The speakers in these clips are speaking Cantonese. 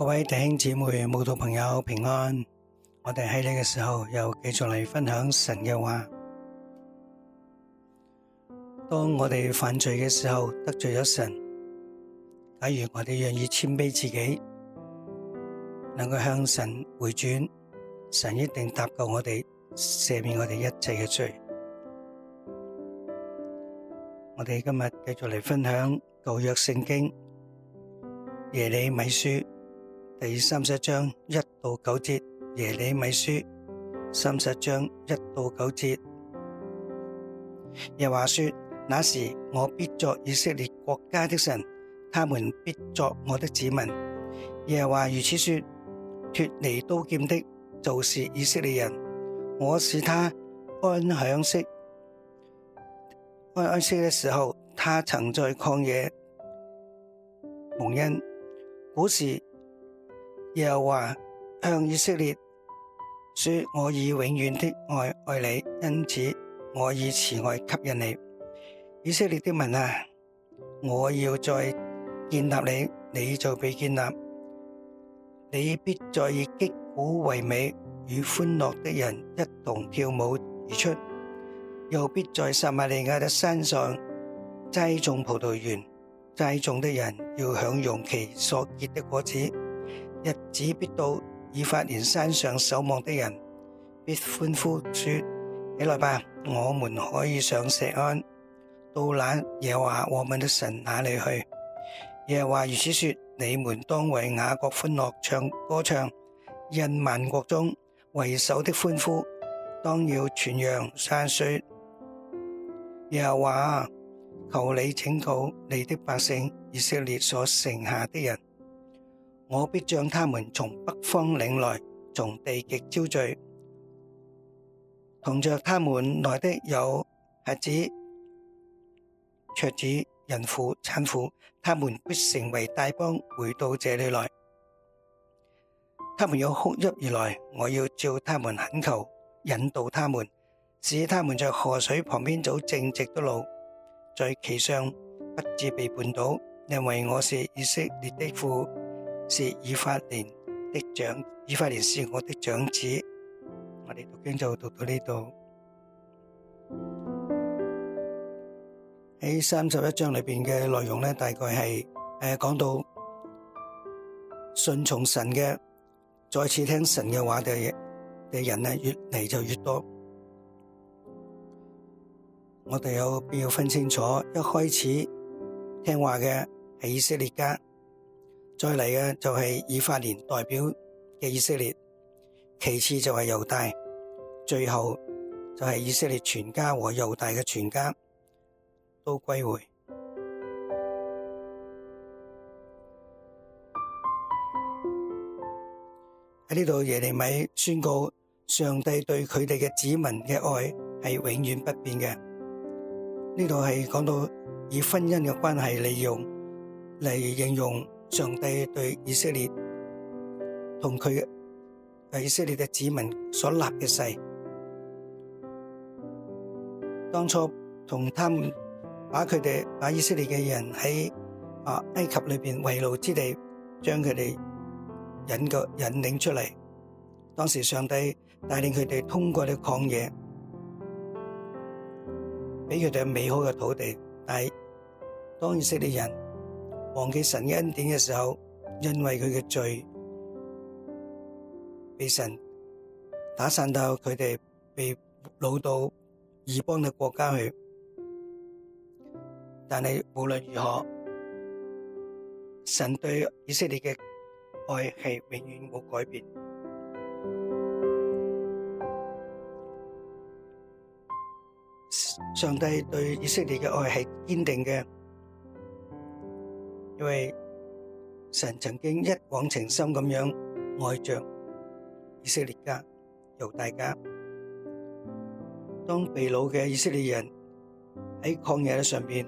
各位弟兄姊妹、慕道朋友平安，我哋喺呢個時候又繼續嚟分享神嘅話。當我哋犯罪嘅時候得罪咗神，假如我哋願意謙卑自己，能夠向神回轉，神一定搭救我哋，赦免我哋一切嘅罪。我哋今日繼續嚟分享舊約聖經耶利米書。第三十章一到九節，耶利米書。三十章一到九節，耶話說：那時我必作以色列國家的神，他們必作我的子民。耶話如此說：脫離刀劍的，就是以色列人。我使他安享息安安息的時候，他曾在曠野蒙恩。古時。又話向以色列說：我以永遠的愛愛你，因此我以慈愛吸引你。以色列的民啊，我要再建立你，你就被建立。你必再以擊鼓為美與歡樂的人一同跳舞而出，又必在撒馬利亞的山上栽種葡萄園，栽種的人要享用其所結的果子。日子必到，以法蓮山上守望的人必歡呼說：起來吧，我們可以上錫安。到那耶和華我們的神那裏去。耶和華如此說：你們當為雅各歡樂，唱歌唱，因萬國中為首的歡呼，當要傳揚山說。耶和華求你拯救你的百姓，以色列所剩下的人。我必將他們從北方領來，從地極招聚。同着他們來的有孩子、桌子、孕婦、產婦，他們必成為大幫回到這裏來。他們有哭泣而來，我要照他們懇求，引導他們，使他們在河水旁邊走正直的路，在其上不至被絆倒，因為我是以色列的父。是以法蓮的長，以法蓮是我的長子。我哋讀經就讀到呢度。喺三十一章裏邊嘅內容呢，大概係誒，講到信從神嘅，再次聽神嘅話嘅嘅人呢，越嚟就越多。我哋有必要分清楚，一開始聽話嘅係以色列家。再嚟嘅就係以法蓮代表嘅以色列，其次就係猶大，最後就係以色列全家和猶大嘅全家都歸回。喺呢度耶利米宣告上帝對佢哋嘅子民嘅愛係永遠不變嘅。呢度係講到以婚姻嘅關係利用嚟形容。上帝對以色列同佢嘅以色列嘅子民所立嘅誓，當初同他們把佢哋把以色列嘅人喺啊埃及裏邊為奴之地，將佢哋引個引領出嚟。當時上帝帶領佢哋通過了曠野，俾佢哋美好嘅土地，但係當以色列人。忘記神嘅恩典嘅時候，因為佢嘅罪，被神打散到佢哋被擄到異邦嘅國家去。但係無論如何，神對以色列嘅愛係永遠冇改變。上帝對以色列嘅愛係堅定嘅。因為神曾經一往情深咁樣愛着以色列家、猶大家，當被擄嘅以色列人喺曠野上邊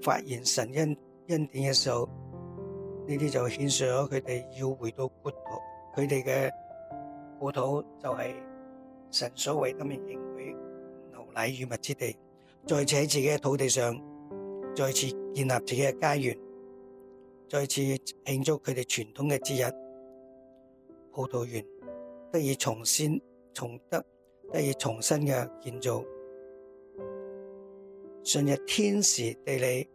發現神恩恩典嘅時候，呢啲就顯示咗佢哋要回到故土，佢哋嘅故土就係神所為，都明認佢牛奶與蜜之地，再次喺自己嘅土地上再次建立自己嘅家園。再次慶祝佢哋傳統嘅節日，葡萄園得以重新、重得、得以重新嘅建造，順著天時地利，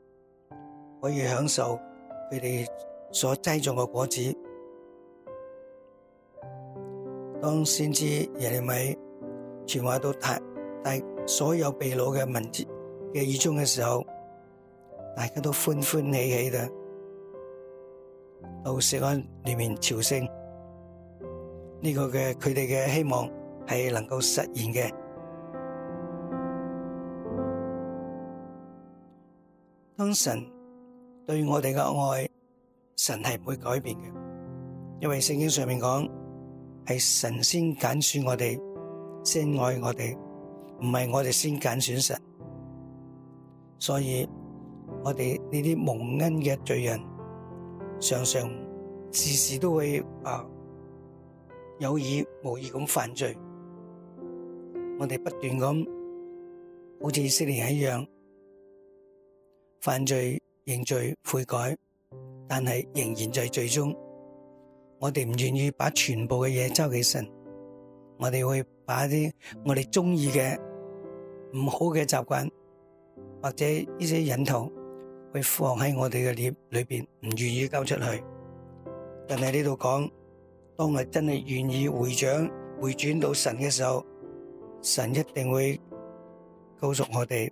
可以享受佢哋所栽種嘅果子。當先知耶利米傳話到達，大所有被擄嘅文字嘅耳中嘅時候，大家都歡歡喜喜嘅。到聖安裏面朝聖，呢、這個嘅佢哋嘅希望係能夠實現嘅。當神對我哋嘅愛，神係唔會改變嘅，因為聖經上面講係神先揀選我哋，先愛我哋，唔係我哋先揀選神。所以我哋呢啲蒙恩嘅罪人。常常、事事都會啊有意無意咁犯罪，我哋不斷咁好似以色列一樣犯罪、認罪、悔改，但係仍然在罪中，我哋唔願意把全部嘅嘢收起身，我哋會把啲我哋中意嘅唔好嘅習慣或者呢些隱痛。佢放喺我哋嘅臉裏邊，唔願意交出去。但係呢度講，當我真係願意回轉、回轉到神嘅時候，神一定會告訴我哋，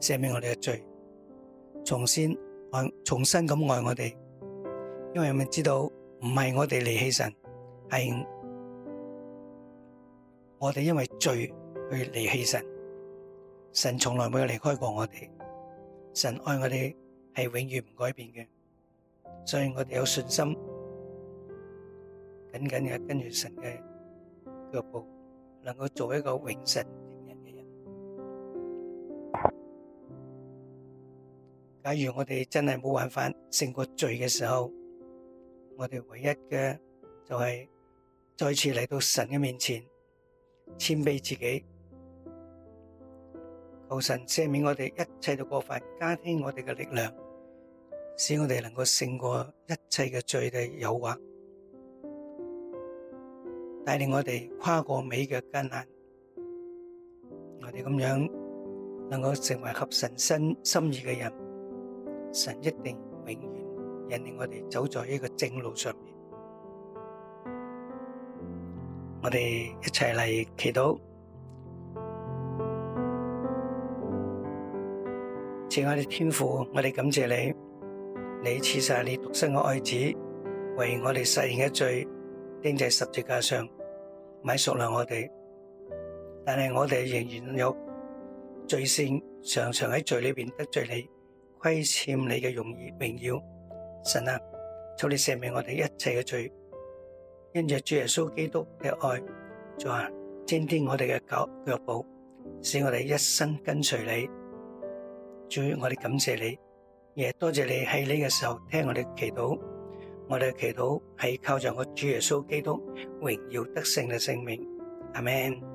赦免我哋嘅罪，重新愛、重新咁愛我哋。因為我哋知道，唔係我哋離棄神，係我哋因為罪去離棄神。神從來冇有離開過我哋。神愛我哋係永遠唔改變嘅，所以我哋有信心緊緊嘅跟住神嘅腳步，能夠做一個榮神益人嘅人。假如我哋真係冇辦法勝過罪嘅時候，我哋唯一嘅就係再次嚟到神嘅面前，謙卑自己。求神赦免我哋一切嘅過犯，加添我哋嘅力量，使我哋能夠勝過一切嘅罪嘅誘惑，帶領我哋跨過每嘅艱難。我哋咁樣能夠成為合神心心意嘅人，神一定永遠引領我哋走在呢個正路上面。我哋一齊嚟祈禱。謝我哋天父，我哋感謝你，你賜晒你獨生嘅愛子，為我哋實現嘅罪，釘在十字架上，買贖了我哋。但係我哋仍然有罪性，常常喺罪裏邊得罪你，虧欠你嘅容易，榮耀。神啊，求你赦免我哋一切嘅罪，因着主耶穌基督嘅愛，啊，增添我哋嘅腳腳步，使我哋一生跟隨你。主，我哋感謝你，也，多謝你喺呢個時候聽我哋祈禱，我哋嘅祈禱係靠住我主耶穌基督榮耀得勝嘅聖名，阿門。